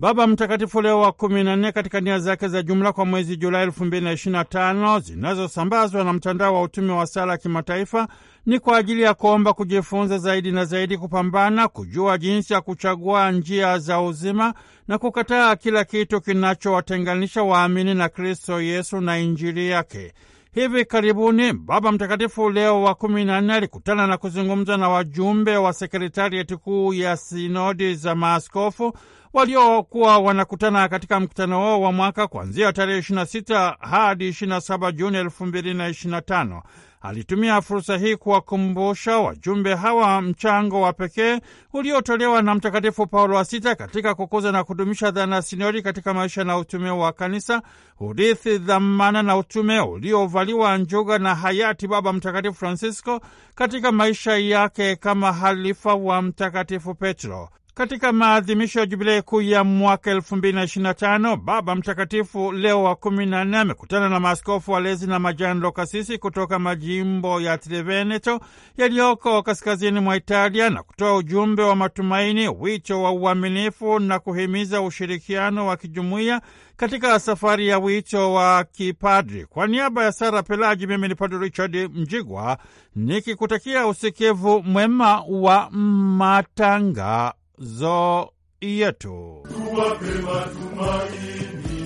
Baba Mtakatifu Leo wa kumi na nne katika nia zake za jumla kwa mwezi Julai elfu mbili na na tano zinazosambazwa na mtandao wa utume wa sala ya kimataifa ni kwa ajili ya kuomba, kujifunza zaidi na zaidi, kupambana, kujua jinsi ya kuchagua njia za uzima na kukataa kila kitu kinachowatenganisha waamini na Kristo Yesu na Injili yake. Hivi karibuni Baba Mtakatifu Leo wa kumi na nne alikutana na kuzungumza na wajumbe wa sekretarieti kuu ya sinodi za maaskofu waliokuwa wanakutana katika mkutano wao wa mwaka kuanzia tarehe 26 hadi 27 Juni 2025. Alitumia fursa hii kuwakumbusha wajumbe hawa mchango wa pekee uliotolewa na Mtakatifu Paulo wa Sita katika kukuza na kudumisha dhana sinori sinodi katika maisha na utume wa Kanisa, urithi, dhamana na utume uliovaliwa njuga na hayati Baba Mtakatifu Francisco katika maisha yake kama halifa wa Mtakatifu Petro. Katika maadhimisho ya jubilei kuu ya mwaka elfu mbili na ishirini na tano, Baba Mtakatifu Leo wa kumi na nne amekutana na maaskofu walezi na majando kasisi kutoka majimbo ya Triveneto yaliyoko kaskazini mwa Italia na kutoa ujumbe wa matumaini, wito wa uaminifu na kuhimiza ushirikiano wa kijumuiya katika safari ya wito wa kipadri. Kwa niaba ya Sara Pelaji, mimi ni Padre Richard Mjigwa nikikutakia usikivu mwema wa matanga mawazo yetu. Tuwape matumaini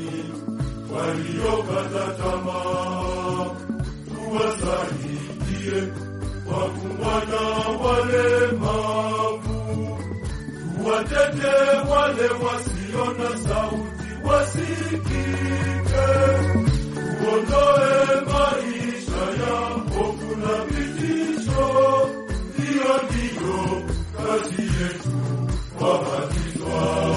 waliokata tamaa, tuwasaidie wakumbwa na walemavu, tuwatete wale wasio na sauti wasikike, tuondoe maisha ya hofu na Abattis-toi.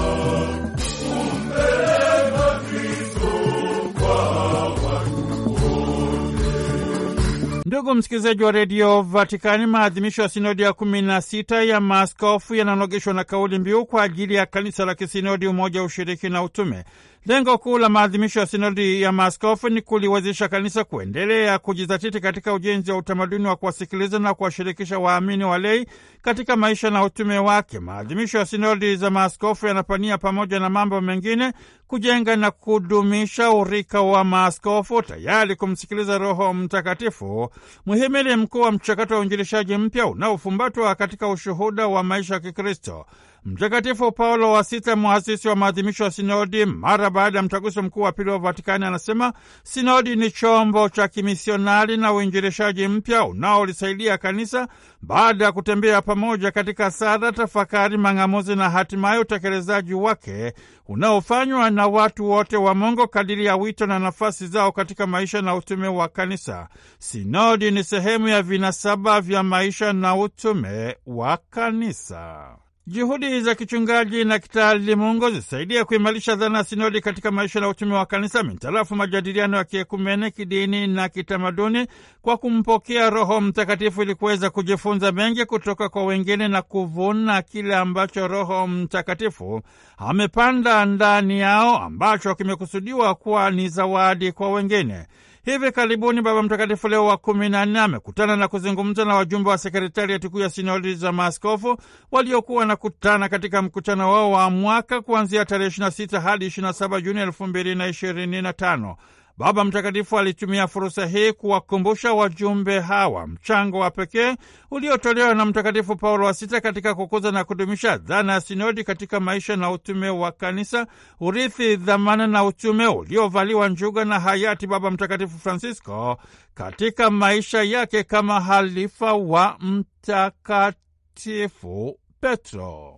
Ndugu msikilizaji wa redio Vatikani, maadhimisho ya sinodi ya kumi na sita ya maaskofu yananogeshwa na kauli mbiu kwa ajili ya kanisa la kisinodi, umoja, ushiriki na utume. Lengo kuu la maadhimisho ya sinodi ya maaskofu ni kuliwezesha kanisa kuendelea kujizatiti katika ujenzi wa utamaduni wa kuwasikiliza na kuwashirikisha waamini walei katika maisha na utume wake. Maadhimisho ya sinodi za maaskofu yanapania, pamoja na mambo mengine, kujenga na kudumisha urika wa maaskofu, tayari kumsikiliza Roho Mtakatifu, mhimili mkuu wa mchakato wa uinjilishaji mpya unaofumbatwa katika ushuhuda wa maisha ya Kikristo. Mtakatifu Paulo wa Sita, mwasisi wa maadhimisho ya sinodi, mara baada ya mtaguso mkuu wa pili wa Vatikani, anasema sinodi ni chombo cha kimisionari na uinjirishaji mpya unaolisaidia kanisa baada ya kutembea pamoja katika sala, tafakari, mang'amuzi na hatimaye utekelezaji wake unaofanywa na watu wote wa Mungu kadiri ya wito na nafasi zao katika maisha na utume wa kanisa. Sinodi ni sehemu ya vinasaba vya maisha na utume wa kanisa. Juhudi za kichungaji na kitaalimungu zisaidia kuimarisha dhana sinodi katika maisha na utume wa Kanisa mintarafu majadiliano ya kiekumene, kidini na kitamaduni, kwa kumpokea Roho Mtakatifu ili kuweza kujifunza mengi kutoka kwa wengine na kuvuna kile ambacho Roho Mtakatifu amepanda ndani yao ambacho kimekusudiwa kuwa ni zawadi kwa wengine. Hivi karibuni Baba Mtakatifu Leo wa kumi na nne amekutana na kuzungumza na wajumbe wa sekretarieti kuu ya sinodi za maaskofu waliokuwa wanakutana katika mkutano wao wa mwaka kuanzia tarehe 26 hadi 27 Juni 2025. Baba Mtakatifu alitumia fursa hii kuwakumbusha wajumbe hawa mchango wa pekee uliotolewa na Mtakatifu Paulo wa Sita katika kukuza na kudumisha dhana ya sinodi katika maisha na utume wa Kanisa, urithi, dhamana na utume uliovaliwa njuga na hayati Baba Mtakatifu Francisco katika maisha yake kama halifa wa Mtakatifu Petro.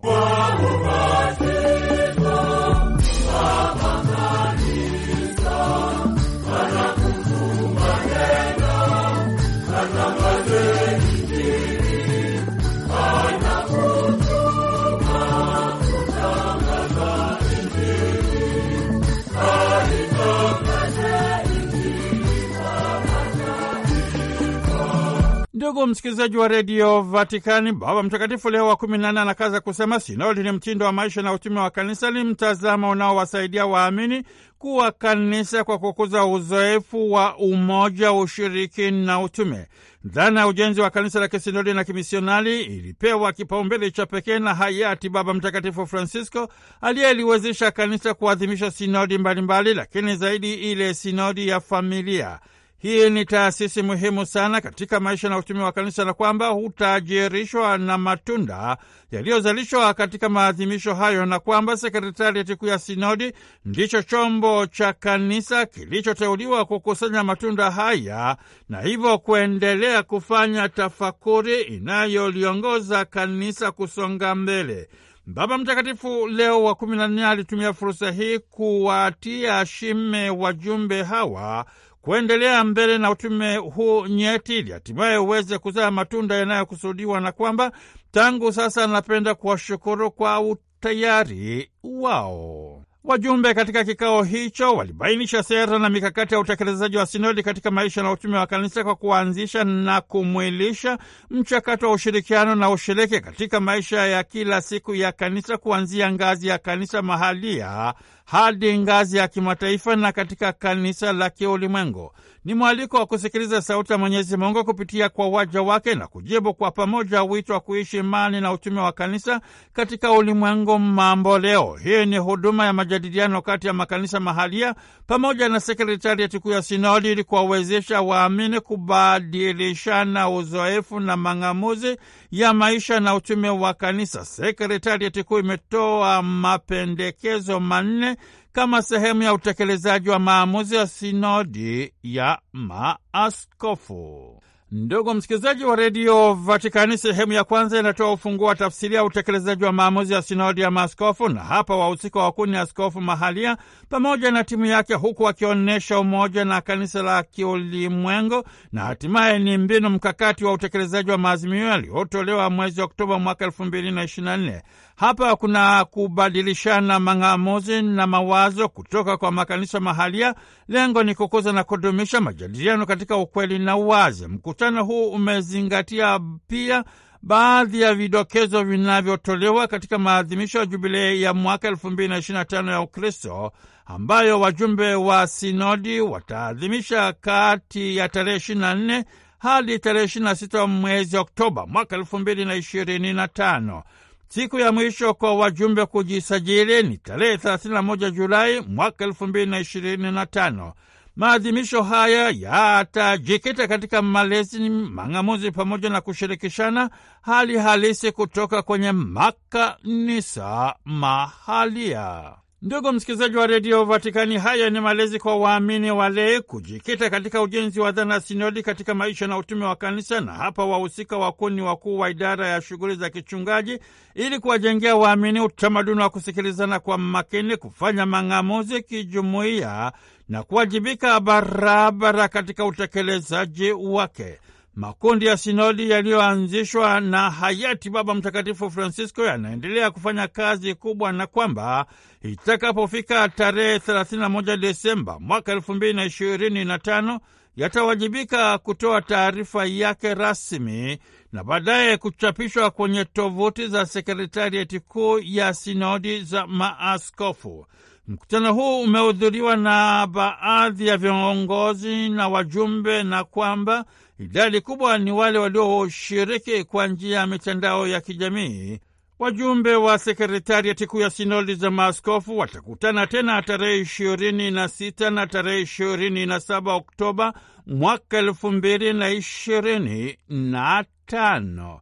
Ndugu msikilizaji wa redio Vatikani, Baba Mtakatifu Leo wa kumi na anakaza kusema sinodi ni mtindo wa maisha na utume wa kanisa, ni mtazamo unaowasaidia waamini kuwa kanisa kwa kukuza uzoefu wa umoja, ushiriki na utume. Dhana ya ujenzi wa kanisa la kisinodi na kimisionari ilipewa kipaumbele cha pekee na hayati Baba Mtakatifu Francisco aliyeliwezesha kanisa kuadhimisha sinodi mbalimbali mbali, lakini zaidi ile sinodi ya familia hii ni taasisi muhimu sana katika maisha na utumi wa kanisa, na kwamba hutajirishwa na matunda yaliyozalishwa katika maadhimisho hayo, na kwamba sekretarieti kuu ya sinodi ndicho chombo cha kanisa kilichoteuliwa kukusanya matunda haya na hivyo kuendelea kufanya tafakuri inayoliongoza kanisa kusonga mbele. Baba Mtakatifu Leo wa kumi na nne alitumia fursa hii kuwatia shime wajumbe hawa kuendelea mbele na utume huu nyeti, ili hatimaye uweze kuzaa matunda yanayokusudiwa, na kwamba tangu sasa anapenda kuwashukuru kwa utayari wao. Wajumbe katika kikao hicho walibainisha sera na mikakati ya utekelezaji wa sinodi katika maisha na utume wa kanisa kwa kuanzisha na kumwilisha mchakato wa ushirikiano na ushiriki katika maisha ya kila siku ya kanisa kuanzia ngazi ya kanisa mahalia hadi ngazi ya kimataifa na katika kanisa la kiulimwengu. Ni mwaliko wa kusikiliza sauti ya Mwenyezi Mungu kupitia kwa waja wake na kujibu kwa pamoja wito wa kuishi imani na utume wa kanisa katika ulimwengu mambo leo. Hii ni huduma ya majadiliano kati ya makanisa mahalia pamoja na sekretarieti kuu ya sinodi ili kuwawezesha waamini kubadilishana uzoefu na mang'amuzi ya maisha na utume wa kanisa. Sekretarieti kuu imetoa mapendekezo manne kama sehemu ya utekelezaji wa maamuzi ya sinodi ya maaskofu. Ndugu msikilizaji wa redio Vatikani, sehemu ya kwanza inatoa ufunguo wa tafsiri ya utekelezaji wa maamuzi ya sinodi ya maaskofu, na hapa wahusika wakuu ni askofu mahalia pamoja na timu yake, huku wakionyesha umoja na kanisa la kiulimwengo na hatimaye ni mbinu mkakati wa utekelezaji wa maazimio yaliyotolewa mwezi Oktoba mwaka elfu mbili na ishirini na nne. Hapa kuna kubadilishana mang'amuzi na mawazo kutoka kwa makanisa mahalia. Lengo ni kukuza na kudumisha majadiliano katika ukweli na uwazi. Mkutano huu umezingatia pia baadhi ya vidokezo vinavyotolewa katika maadhimisho ya jubilei ya mwaka elfu mbili na na tano ya Ukristo ambayo wajumbe wa sinodi wataadhimisha kati ya tarehe ishirini na nne hadi tarehe ishirini na sita mwezi Oktoba mwaka elfu mbili na ishirini na tano. Siku ya mwisho kwa wajumbe kujisajili ni tarehe 31 Julai mwaka 2025. Maadhimisho haya yatajikita katika malezi, mang'amuzi pamoja na kushirikishana hali halisi kutoka kwenye makanisa mahalia. Ndugu msikilizaji wa redio Vatikani, haya ni malezi kwa waamini walei, kujikita katika ujenzi wa dhana sinodi katika maisha na utume wa kanisa, na hapa wahusika wakuu ni wakuu wa idara ya shughuli za kichungaji, ili kuwajengea waamini utamaduni wa kusikilizana kwa makini, kufanya mang'amuzi kijumuiya na kuwajibika barabara katika utekelezaji wake. Makundi ya sinodi yaliyoanzishwa na hayati Baba Mtakatifu Francisco yanaendelea kufanya kazi kubwa na kwamba itakapofika tarehe 31 Desemba mwaka 2025 yatawajibika kutoa taarifa yake rasmi na baadaye kuchapishwa kwenye tovuti za sekretarieti kuu ya sinodi za maaskofu. Mkutano huu umehudhuriwa na baadhi ya viongozi na wajumbe, na kwamba Idadi kubwa ni wale walioshiriki kwa njia ya mitandao ya kijamii. Wajumbe wa sekretariati kuu ya sinodi za maaskofu watakutana tena tarehe ishirini na sita na tarehe ishirini na saba Oktoba mwaka elfu mbili na ishirini na tano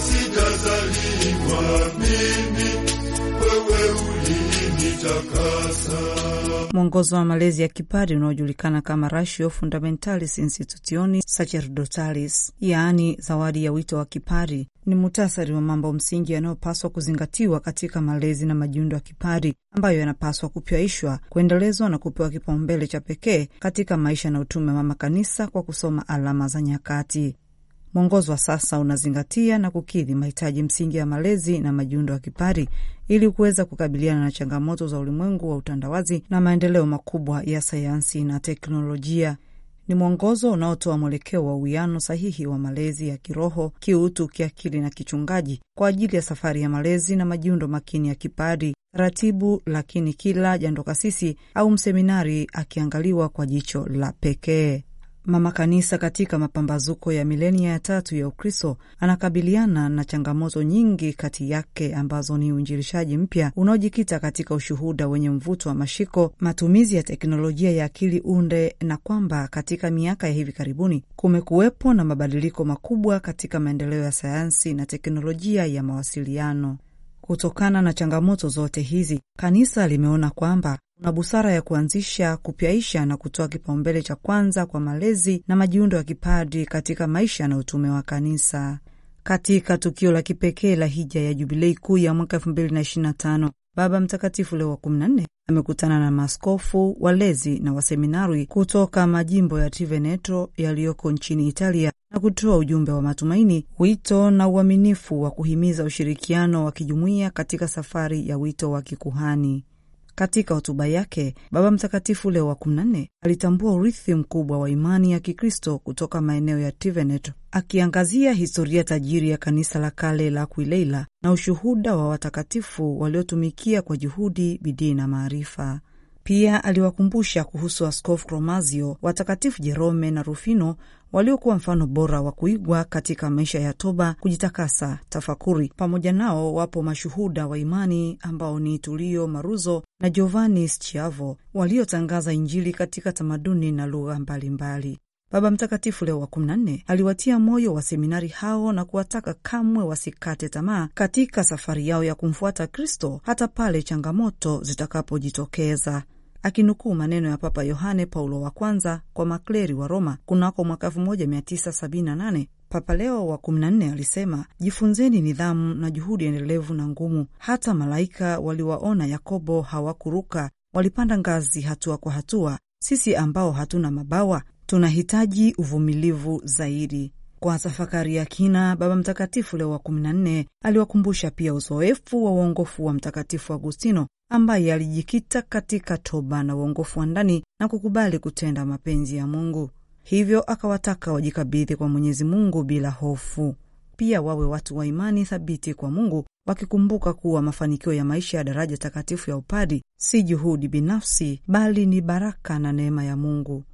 sijazaliwa mimi, wewe ulinitakasa. Mwongozo wa malezi ya kipadi unaojulikana kama Ratio Fundamentalis Institutionis Sacerdotalis, yaani zawadi ya wito wa kipadi, ni mutasari wa mambo msingi yanayopaswa kuzingatiwa katika malezi na majiundo ya kipadi ambayo yanapaswa kupyaishwa, kuendelezwa na kupewa kipaumbele cha pekee katika maisha na utume wa mama Kanisa kwa kusoma alama za nyakati. Mwongozo wa sasa unazingatia na kukidhi mahitaji msingi ya malezi na majiundo ya kipari ili kuweza kukabiliana na changamoto za ulimwengu wa utandawazi na maendeleo makubwa ya sayansi na teknolojia. Ni mwongozo unaotoa mwelekeo wa uwiano sahihi wa malezi ya kiroho, kiutu, kiakili na kichungaji kwa ajili ya safari ya malezi na majiundo makini ya kipari Ratibu lakini kila jandokasisi au mseminari akiangaliwa kwa jicho la pekee. Mama Kanisa katika mapambazuko ya milenia ya tatu ya Ukristo anakabiliana na changamoto nyingi, kati yake ambazo ni uinjilishaji mpya unaojikita katika ushuhuda wenye mvuto wa mashiko, matumizi ya teknolojia ya akili unde, na kwamba katika miaka ya hivi karibuni kumekuwepo na mabadiliko makubwa katika maendeleo ya sayansi na teknolojia ya mawasiliano. Kutokana na changamoto zote hizi, kanisa limeona kwamba kuna busara ya kuanzisha, kupyaisha na kutoa kipaumbele cha kwanza kwa malezi na majiundo ya kipadri katika maisha na utume wa kanisa. Katika tukio la kipekee la hija ya jubilei kuu ya mwaka 2025 Baba Mtakatifu Leo wa 14 amekutana na maskofu walezi na waseminari kutoka majimbo ya Triveneto yaliyoko nchini Italia na kutoa ujumbe wa matumaini, wito na uaminifu wa kuhimiza ushirikiano wa kijumuiya katika safari ya wito wa kikuhani. Katika hotuba yake, Baba Mtakatifu Leo wa 14 alitambua urithi mkubwa wa imani ya Kikristo kutoka maeneo ya Tivenet, akiangazia historia tajiri ya kanisa la kale la Kuileila na ushuhuda wa watakatifu waliotumikia kwa juhudi, bidii na maarifa. Pia aliwakumbusha kuhusu Askofu Romazio, watakatifu Jerome na Rufino waliokuwa mfano bora wa kuigwa katika maisha ya toba, kujitakasa, tafakuri. Pamoja nao wapo mashuhuda wa imani ambao ni Tulio Maruzo na Giovanni Schiavo waliotangaza Injili katika tamaduni na lugha mbalimbali. Baba Mtakatifu Leo wa kumi na nne aliwatia moyo wa seminari hao na kuwataka kamwe wasikate tamaa katika safari yao ya kumfuata Kristo hata pale changamoto zitakapojitokeza akinukuu maneno ya Papa Yohane Paulo wa Kwanza kwa makleri wa Roma kunako mwaka 1978. Papa Leo wa 14 alisema, jifunzeni nidhamu na juhudi endelevu na ngumu. Hata malaika waliwaona Yakobo hawakuruka, walipanda ngazi hatua kwa hatua. Sisi ambao hatuna mabawa tunahitaji uvumilivu zaidi. Kwa tafakari ya kina, Baba Mtakatifu Leo wa 14 aliwakumbusha pia uzoefu wa uongofu wa Mtakatifu Agustino ambaye alijikita katika toba na uongofu wa ndani na kukubali kutenda mapenzi ya Mungu. Hivyo akawataka wajikabidhi kwa Mwenyezi Mungu bila hofu. Pia wawe watu wa imani thabiti kwa Mungu, wakikumbuka kuwa mafanikio ya maisha ya daraja takatifu ya upadi si juhudi binafsi, bali ni baraka na neema ya Mungu.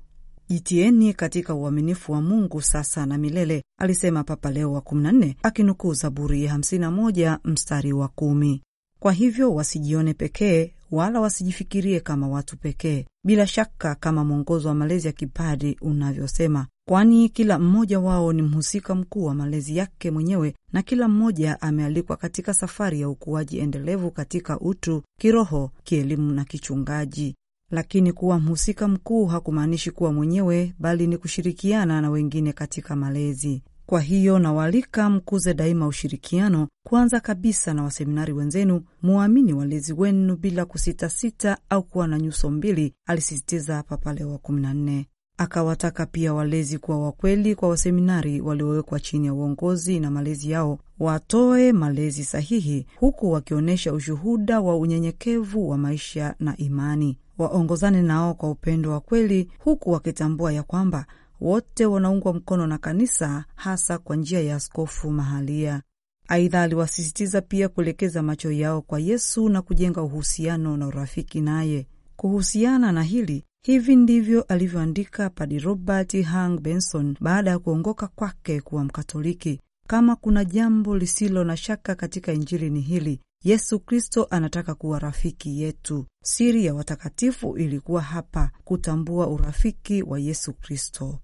Jitieni katika uaminifu wa Mungu sasa na milele, alisema Papa Leo wa 14 akinukuu Zaburi ya 51 mstari wa kumi. Kwa hivyo wasijione pekee wala wasijifikirie kama watu pekee, bila shaka, kama mwongozo wa malezi ya kipadri unavyosema, kwani kila mmoja wao ni mhusika mkuu wa malezi yake mwenyewe, na kila mmoja amealikwa katika safari ya ukuaji endelevu katika utu, kiroho, kielimu na kichungaji. Lakini kuwa mhusika mkuu hakumaanishi kuwa mwenyewe, bali ni kushirikiana na wengine katika malezi. Kwa hiyo nawaalika mkuze daima ushirikiano, kwanza kabisa na waseminari wenzenu, muamini walezi wenu bila kusitasita au kuwa na nyuso mbili, alisisitiza Papa Leo wa kumi na nne. Akawataka pia walezi kuwa wakweli kwa waseminari waliowekwa chini ya uongozi na malezi yao, watoe malezi sahihi, huku wakionyesha ushuhuda wa unyenyekevu wa maisha na imani. Waongozane nao kwa upendo wa kweli, huku wakitambua ya kwamba wote wanaungwa mkono na kanisa, hasa kwa njia ya askofu mahalia. Aidha, aliwasisitiza pia kuelekeza macho yao kwa Yesu na kujenga uhusiano na urafiki naye. Kuhusiana na hili, hivi ndivyo alivyoandika padi Robert Hang Benson baada ya kuongoka kwake kuwa Mkatoliki: kama kuna jambo lisilo na shaka katika Injili ni hili, Yesu Kristo anataka kuwa rafiki yetu. Siri ya watakatifu ilikuwa hapa, kutambua urafiki wa Yesu Kristo.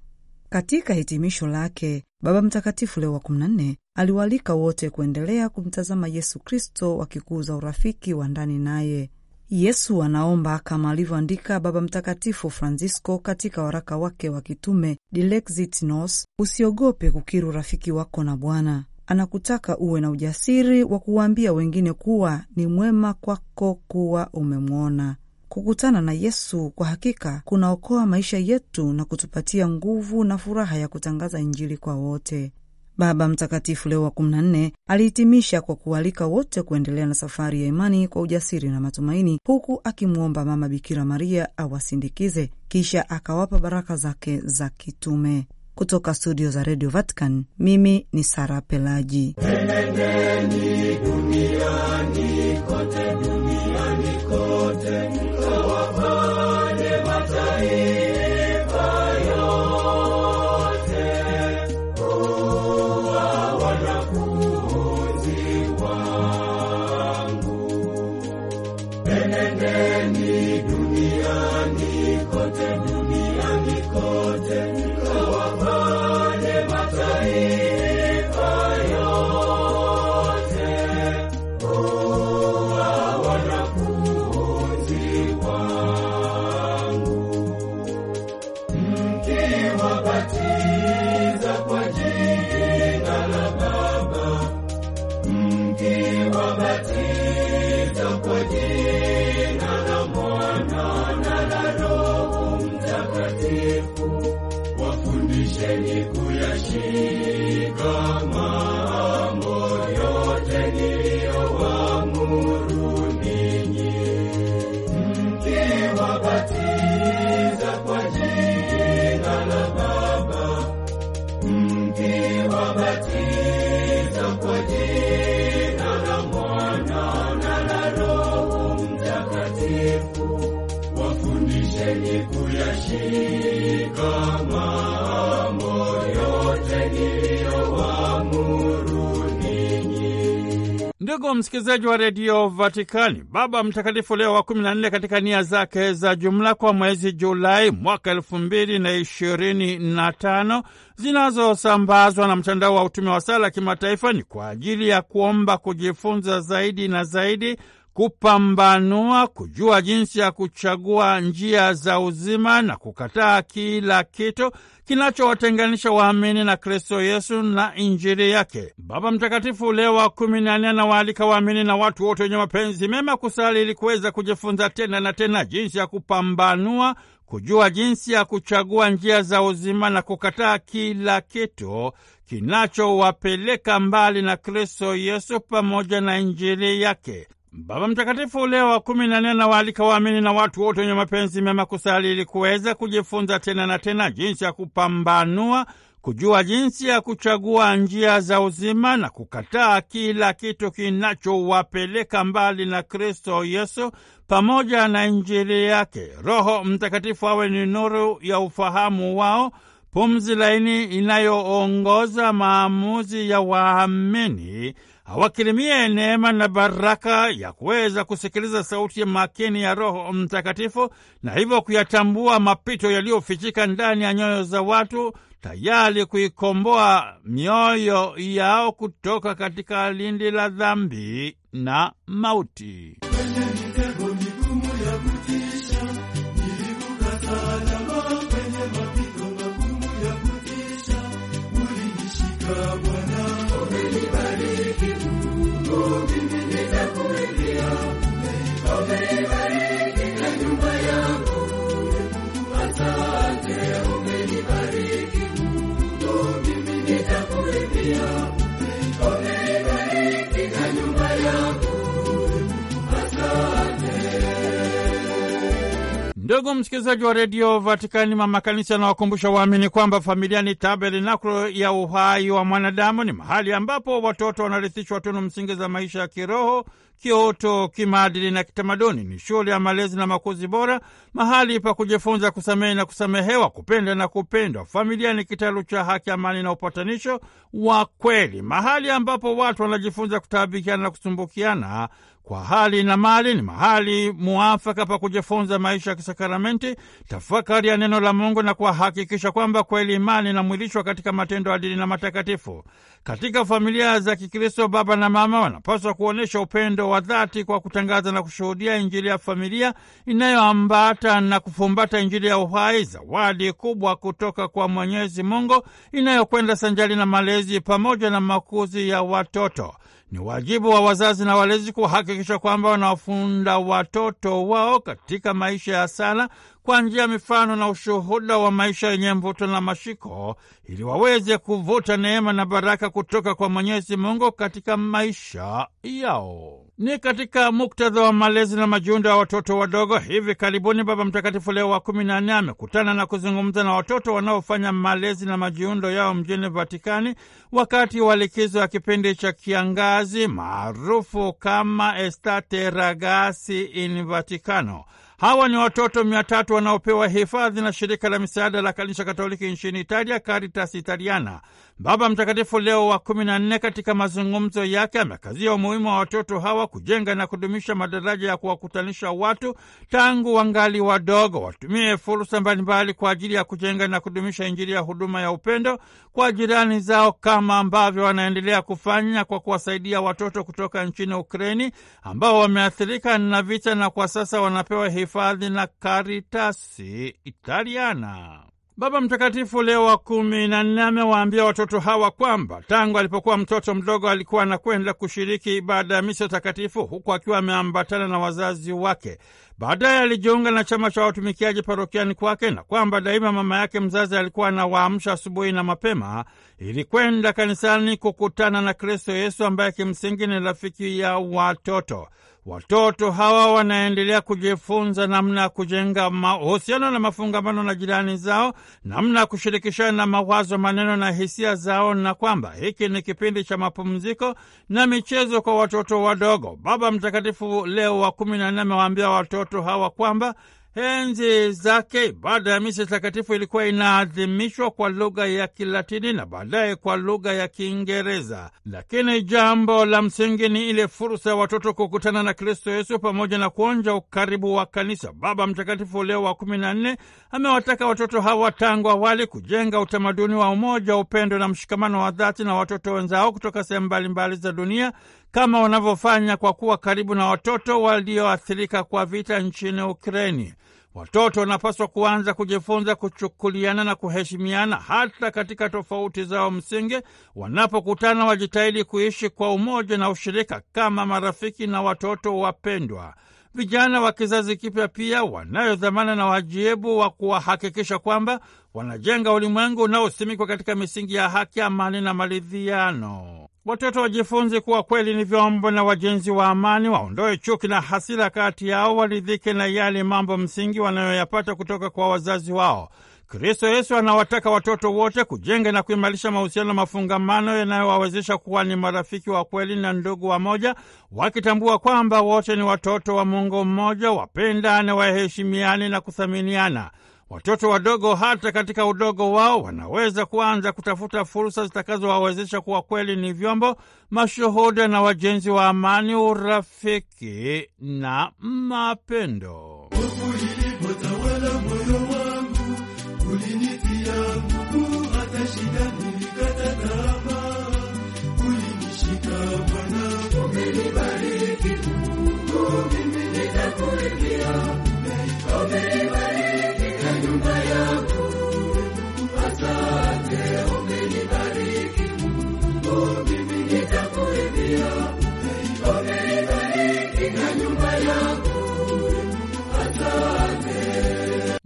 Katika hitimisho lake, Baba Mtakatifu Leo wa 14 aliwaalika wote kuendelea kumtazama Yesu Kristo, wakikuza urafiki wa ndani naye. Yesu anaomba kama alivyoandika Baba Mtakatifu Francisco katika waraka wake wa kitume Dilexit Nos: usiogope kukiri urafiki wako na Bwana. Anakutaka uwe na ujasiri wa kuwaambia wengine kuwa ni mwema kwako kuwa umemwona. Kukutana na Yesu kwa hakika kunaokoa maisha yetu na kutupatia nguvu na furaha ya kutangaza Injili kwa wote. Baba Mtakatifu Leo wa 14 alihitimisha kwa kualika wote kuendelea na safari ya imani kwa ujasiri na matumaini, huku akimwomba Mama Bikira Maria awasindikize, kisha akawapa baraka zake za kitume. Kutoka studio za Radio Vatican, mimi ni Sara Pelaji. Enendeni duniani kote, duniani kote wafundisheni kuyashika mambo yote niliyowaamuru ninyi. Ndugu msikilizaji wa redio Vatikani, Baba Mtakatifu Leo wa 14 katika nia zake za jumla kwa mwezi Julai mwaka elfu mbili na ishirini na tano zinazosambazwa na mtandao wa utume wa sala kimataifa ni kwa ajili ya kuomba, kujifunza zaidi na zaidi kupambanua, kujua jinsi ya kuchagua njia za uzima na kukataa kila kitu kinachowatenganisha waamini na Kristo Yesu na Injili yake. Baba Mtakatifu Leo wa kumi na nne anawaalika waamini na watu wote wenye mapenzi mema kusali ili kuweza kujifunza tena na tena jinsi ya kupambanua, kujua jinsi ya kuchagua njia za uzima na kukataa kila kitu kinachowapeleka mbali na Kristo Yesu pamoja na Injili yake. Baba Mtakatifu Leo wa kumi na nne anawaalika waamini na watu wote wenye mapenzi mema kusali ili kuweza kujifunza tena na tena jinsi ya kupambanua, kujua jinsi ya kuchagua njia za uzima na kukataa kila kitu kinachowapeleka mbali na Kristo Yesu pamoja na Injili yake. Roho Mtakatifu awe ni nuru ya ufahamu wao, pumzi laini inayoongoza maamuzi ya waamini awakirimie neema na baraka ya kuweza kusikiliza sauti makini ya Roho Mtakatifu na hivyo kuyatambua mapito yaliyofichika ndani ya nyoyo za watu, tayari kuikomboa mioyo yao kutoka katika lindi la dhambi na mauti. Ndugu msikilizaji wa redio Vatikani, mama kanisa anawakumbusha waamini kwamba familia ni tabernakulo ya uhai wa mwanadamu. Ni mahali ambapo watoto wanarithishwa tunu msingi za maisha ya kiroho kiutu, kimaadili na kitamaduni. Ni shule ya malezi na makuzi bora, mahali pa kujifunza kusamehe na kusamehewa, kupenda na kupendwa. Familia ni kitalu cha haki, amani na upatanisho wa kweli, mahali ambapo watu wanajifunza kutaabikiana na kusumbukiana kwa hali na mali. Ni mahali muafaka pa kujifunza maisha ya kisakaramenti, tafakari ya neno la Mungu na kuwahakikisha kwamba kweli imani inamwilishwa katika matendo adili na matakatifu. Katika familia za Kikristo, baba na mama wanapaswa kuonyesha upendo wa dhati kwa kutangaza na kushuhudia Injili ya familia inayoambata na kufumbata Injili ya uhai, zawadi kubwa kutoka kwa Mwenyezi Mungu inayokwenda sanjari na malezi pamoja na makuzi ya watoto. Ni wajibu wa wazazi na walezi kuhakikisha kwamba wanawafunda watoto wao katika maisha ya sala kwa njia mifano na ushuhuda wa maisha yenye mvuto na mashiko, ili waweze kuvuta neema na baraka kutoka kwa Mwenyezi Mungu katika maisha yao. Ni katika muktadha wa malezi na majiundo ya watoto wadogo. Hivi karibuni Baba Mtakatifu Leo wa kumi na nne amekutana na kuzungumza na watoto wanaofanya malezi na majiundo yao mjini Vatikani wakati wa likizo ya kipindi cha kiangazi maarufu kama Estate Ragazzi in Vaticano. Hawa ni watoto mia tatu wanaopewa hifadhi na shirika la misaada la kanisa Katoliki nchini Italia, Caritas Italiana. Baba Mtakatifu Leo wa kumi na nne katika mazungumzo yake amekazia umuhimu wa watoto hawa kujenga na kudumisha madaraja ya kuwakutanisha watu tangu wangali wadogo, watumie fursa mbalimbali kwa ajili ya kujenga na kudumisha Injili ya huduma ya upendo kwa jirani zao, kama ambavyo wanaendelea kufanya kwa kuwasaidia watoto kutoka nchini Ukraini ambao wameathirika na vita na kwa sasa wanapewa hifadhi na Karitasi Italiana. Baba Mtakatifu Leo wa kumi na nne amewaambia watoto hawa kwamba tangu alipokuwa mtoto mdogo alikuwa anakwenda kushiriki ibada ya misa takatifu huku akiwa ameambatana na wazazi wake. Baadaye alijiunga na chama cha watumikiaji parokiani kwake, na kwamba daima mama yake mzazi alikuwa anawaamsha asubuhi na mapema ili kwenda kanisani kukutana na Kristo Yesu ambaye kimsingi ni rafiki ya watoto. Watoto hawa wanaendelea kujifunza namna ya kujenga mahusiano na mafungamano na jirani zao, namna ya kushirikishana na mawazo, maneno na hisia zao, na kwamba hiki ni kipindi cha mapumziko na michezo kwa watoto wadogo. Baba Mtakatifu Leo wa kumi na nne amewaambia watoto hawa kwamba Enzi zake ibada ya misa takatifu ilikuwa inaadhimishwa kwa lugha ya Kilatini na baadaye kwa lugha ya Kiingereza, lakini jambo la msingi ni ile fursa ya watoto kukutana na Kristo Yesu pamoja na kuonja ukaribu wa kanisa. Baba Mtakatifu Leo wa kumi na nne amewataka watoto hawa tangu awali kujenga utamaduni wa umoja, upendo na mshikamano wa dhati na watoto wenzao kutoka sehemu mbalimbali za dunia kama wanavyofanya kwa kuwa karibu na watoto walioathirika kwa vita nchini Ukraini. Watoto wanapaswa kuanza kujifunza kuchukuliana na kuheshimiana hata katika tofauti zao msingi. Wanapokutana wajitahidi kuishi kwa umoja na ushirika kama marafiki na watoto wapendwa. Vijana wa kizazi kipya pia wanayo dhamana na wajibu wa kuwahakikisha kwamba wanajenga ulimwengu unaosimikwa katika misingi ya haki, amani na maridhiano. Watoto wajifunze kuwa kweli ni vyombo na wajenzi wa amani, waondoe chuki na hasira kati yao, waridhike na yale mambo msingi wanayoyapata kutoka kwa wazazi wao. Kristo Yesu anawataka watoto wote kujenga na kuimarisha mahusiano mafungamano yanayowawezesha kuwa ni marafiki wa kweli na ndugu wamoja, wakitambua kwamba wote ni watoto wa Mungu mmoja, wapendane, waheshimiane na kuthaminiana. Watoto wadogo hata katika udogo wao wanaweza kuanza kutafuta fursa zitakazowawezesha kuwa kweli ni vyombo, mashuhuda na wajenzi wa amani, urafiki na mapendo.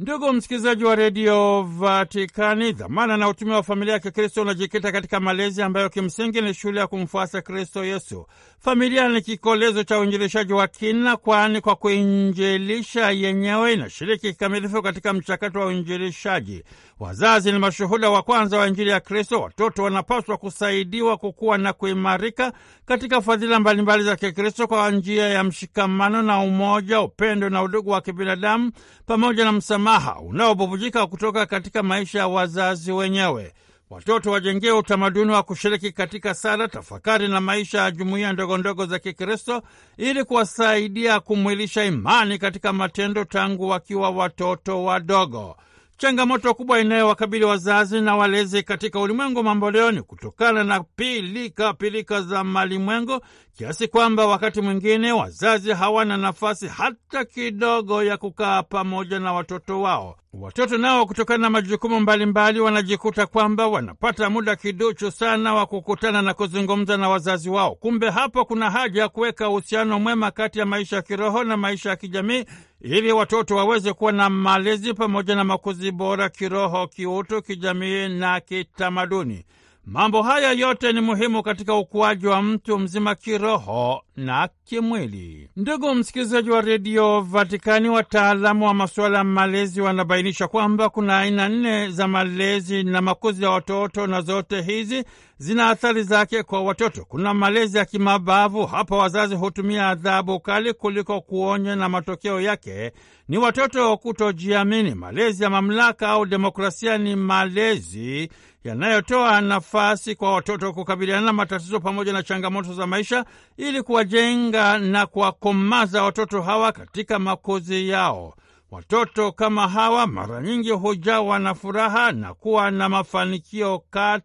Ndugu msikilizaji wa redio Vatikani, dhamana na utumi wa familia ya Kikristo unajikita katika malezi ambayo kimsingi ni shule ya kumfuasa Kristo Yesu. Familia ni kikolezo cha uinjilishaji wa kina, kwani kwa kuinjilisha yenyewe inashiriki kikamilifu katika mchakato wa uinjilishaji. Wazazi ni mashuhuda wa kwanza wa Injili ya Kristo. Watoto wanapaswa kusaidiwa kukua na kuimarika katika fadhila mbalimbali za Kikristo kwa njia ya mshikamano na umoja, upendo na udugu wa kibinadamu, pamoja na msamaha unaobubujika kutoka katika maisha ya wazazi wenyewe. Watoto wajengee utamaduni wa kushiriki katika sala, tafakari na maisha ya jumuiya ndogondogo za Kikristo ili kuwasaidia kumwilisha imani katika matendo tangu wakiwa watoto wadogo. Changamoto kubwa inayowakabili wazazi na walezi katika ulimwengu mamboleo ni kutokana na pilika pilika za malimwengu, kiasi kwamba wakati mwingine wazazi hawana nafasi hata kidogo ya kukaa pamoja na watoto wao. Watoto nao kutokana na majukumu mbalimbali wanajikuta kwamba wanapata muda kiduchu sana wa kukutana na kuzungumza na wazazi wao. Kumbe hapo kuna haja ya kuweka uhusiano mwema kati ya maisha ya kiroho na maisha ya kijamii ili watoto waweze kuwa na malezi pamoja na makuzi bora kiroho, kiutu, kijamii na kitamaduni. Mambo haya yote ni muhimu katika ukuaji wa mtu mzima kiroho na kimwili. Ndugu msikilizaji wa redio Vatikani, wataalamu wa masuala ya malezi wanabainisha kwamba kuna aina nne za malezi na makuzi ya watoto, na zote hizi zina athari zake kwa watoto. Kuna malezi ya kimabavu, hapa wazazi hutumia adhabu kali kuliko kuonya, na matokeo yake ni watoto kutojiamini. Malezi ya mamlaka au demokrasia ni malezi yanayotoa nafasi kwa watoto kukabiliana na matatizo pamoja na changamoto za maisha ili kuwajenga na kuwakomaza watoto hawa katika makuzi yao. Watoto kama hawa mara nyingi hujawa na furaha na kuwa na mafanikio kati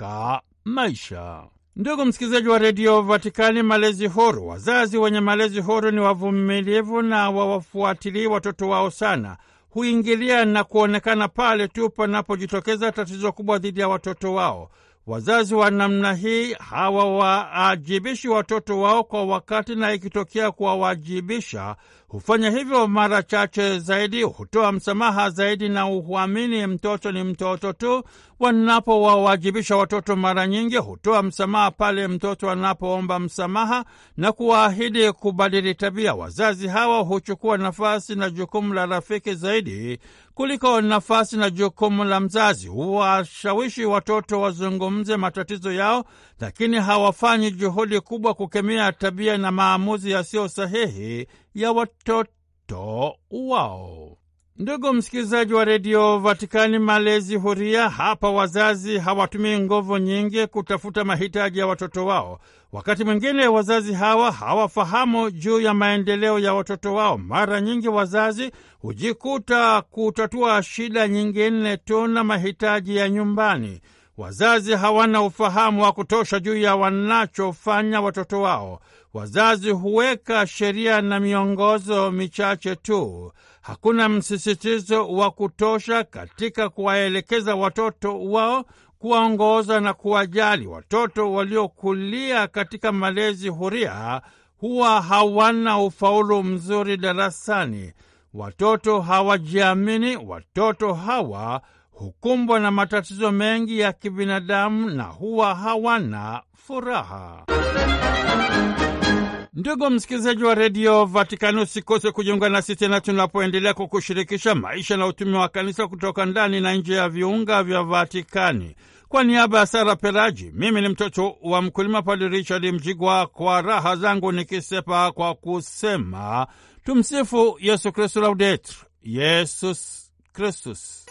katika maisha. Ndugu msikilizaji wa redio Vatikani, malezi huru. Wazazi wenye malezi huru ni wavumilivu na wawafuatilii watoto wao sana, huingilia na kuonekana pale tu panapojitokeza tatizo kubwa dhidi ya watoto wao. Wazazi wa namna hii hawawaajibishi watoto wao kwa wakati, na ikitokea kuwawajibisha hufanya hivyo mara chache zaidi, hutoa msamaha zaidi na huamini mtoto ni mtoto tu. Wanapowawajibisha watoto, mara nyingi hutoa msamaha pale mtoto anapoomba msamaha na kuwaahidi kubadili tabia. Wazazi hawa huchukua nafasi na jukumu la rafiki zaidi kuliko nafasi na jukumu la mzazi. Huwashawishi watoto wazungumze matatizo yao lakini hawafanyi juhudi kubwa kukemea tabia na maamuzi yasiyo sahihi ya watoto wao. Ndugu msikilizaji wa redio Vatikani, malezi huria hapa, wazazi hawatumii nguvu nyingi kutafuta mahitaji ya watoto wao. Wakati mwingine wazazi hawa hawafahamu juu ya maendeleo ya watoto wao. Mara nyingi wazazi hujikuta kutatua shida nyingine tu na mahitaji ya nyumbani. Wazazi hawana ufahamu wa kutosha juu ya wanachofanya watoto wao. Wazazi huweka sheria na miongozo michache tu. Hakuna msisitizo wa kutosha katika kuwaelekeza watoto wao, kuwaongoza na kuwajali. Watoto waliokulia katika malezi huria huwa hawana ufaulu mzuri darasani. Watoto hawajiamini. Watoto hawa hukumbwa na matatizo mengi ya kibinadamu na huwa hawana furaha. Ndugu msikilizaji wa redio Vatikani, usikose kujiunga nasi tena tunapoendelea kukushirikisha maisha na utume wa kanisa kutoka ndani na nje ya viunga vya Vatikani. Kwa niaba ya Sara Peraji, mimi ni mtoto wa mkulima Padre Richard Mjigwa, kwa raha zangu nikisepa kwa kusema tumsifu Yesu Kristu, laudetur Yesus Kristus.